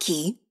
lucky